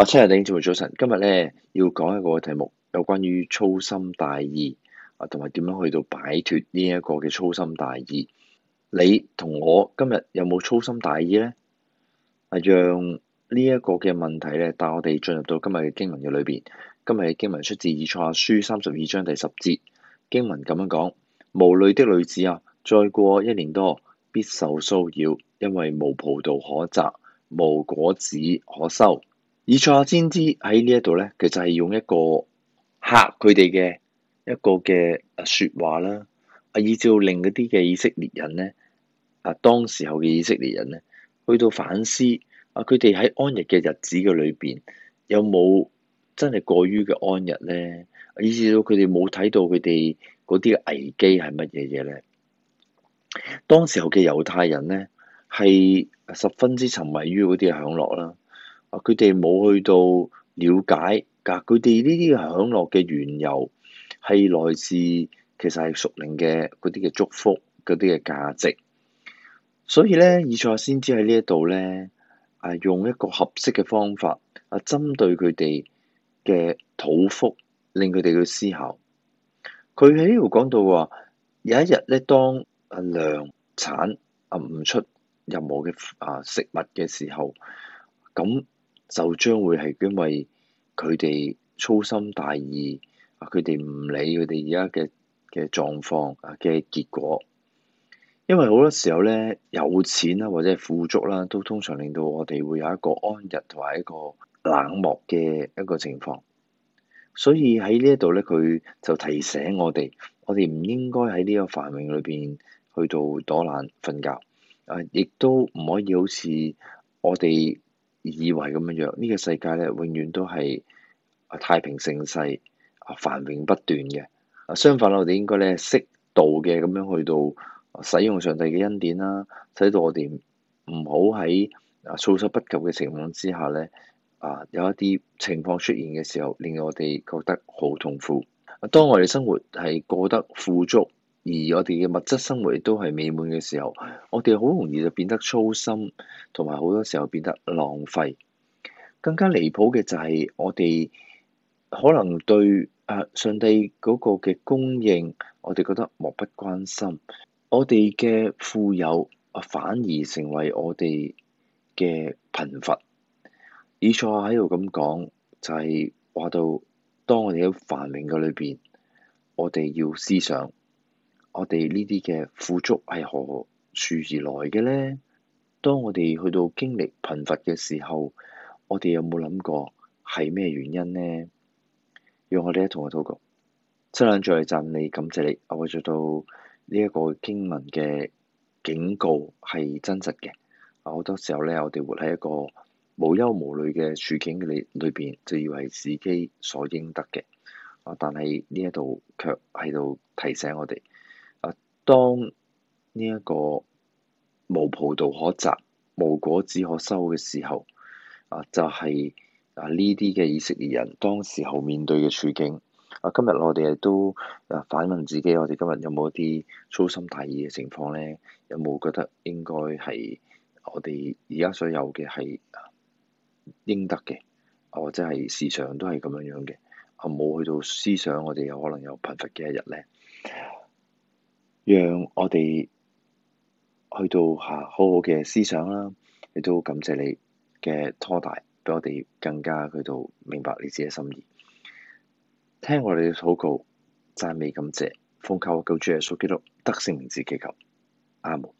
我七日領主早晨，今日咧要講一個題目，有關於粗心大意，同埋點樣去到擺脫呢一個嘅粗心大意。你同我今日有冇粗心大意呢？啊，讓呢一個嘅問題咧帶我哋進入到今日嘅經文嘅裏邊。今日嘅經文出自以賽亞書三十二章第十節，經文咁樣講：無慮的女子啊，再過一年多必受騷擾，因為無葡萄可摘，無果子可收。以賽亞先知喺呢一度咧，其實係用一個嚇佢哋嘅一個嘅説話啦。啊，以致到令嗰啲嘅以色列人咧，啊當時候嘅以色列人咧，去到反思啊，佢哋喺安逸嘅日子嘅裏邊，有冇真係過於嘅安逸咧？以至到佢哋冇睇到佢哋嗰啲嘅危機係乜嘢嘢咧？當時候嘅猶太人咧，係十分之沉迷於嗰啲嘅享樂啦。啊！佢哋冇去到了解㗎，佢哋呢啲享樂嘅緣由係來自，其實係屬靈嘅嗰啲嘅祝福、嗰啲嘅價值，所以咧，以賽先知喺呢一度咧，啊用一個合適嘅方法啊，針對佢哋嘅肚腹，令佢哋去思考。佢喺呢度講到話，有一日咧，當啊糧產啊唔出任何嘅啊食物嘅時候，咁。就將會係因為佢哋粗心大意，啊佢哋唔理佢哋而家嘅嘅狀況啊嘅結果。因為好多時候咧，有錢啦、啊、或者係富足啦、啊，都通常令到我哋會有一個安逸同埋一個冷漠嘅一個情況。所以喺呢一度咧，佢就提醒我哋，我哋唔應該喺呢個繁榮裏邊去到躲懶瞓覺，啊亦都唔可以好似我哋。以為咁樣樣，呢個世界咧永遠都係太平盛世、繁榮不斷嘅。相反我哋應該咧適度嘅，咁樣去到使用上帝嘅恩典啦，使到我哋唔好喺措手不及嘅情況之下咧，啊有一啲情況出現嘅時候，令我哋覺得好痛苦。當我哋生活係過得富足，而我哋嘅物質生活亦都係美滿嘅時候，我哋好容易就變得粗心，同埋好多時候變得浪費。更加離譜嘅就係我哋可能對誒上帝嗰個嘅供應，我哋覺得漠不關心。我哋嘅富有啊，反而成為我哋嘅貧乏。以錯話喺度咁講，就係話到，當我哋喺繁榮嘅裏邊，我哋要思想。我哋呢啲嘅富足係何處而來嘅咧？當我哋去到經歷貧乏嘅時候，我哋有冇諗過係咩原因呢？讓我哋一同嚟禱告。真係兩在嚟讚你感謝你，我會做到呢一個經文嘅警告係真實嘅。好多時候咧，我哋活喺一個無憂無慮嘅處境裏裏邊，就以為自己所應得嘅。但係呢一度卻喺度提醒我哋。當呢一個無葡萄可摘、無果子可收嘅時候，啊，就係啊呢啲嘅以色列人當時候面對嘅處境。啊，今日我哋亦都啊反問自己，我哋今日有冇一啲粗心大意嘅情況咧？有冇覺得應該係我哋而家所有嘅係應得嘅，啊？或者係時常都係咁樣樣嘅？啊，冇去到思想，我哋有可能有貧乏嘅一日咧？讓我哋去到下好好嘅思想啦，亦都感謝你嘅拖帶，俾我哋更加去到明白你自己嘅心意。聽我哋嘅禱告，讚美、感謝、奉靠救主耶穌基督，得勝、名字、祈求，阿門。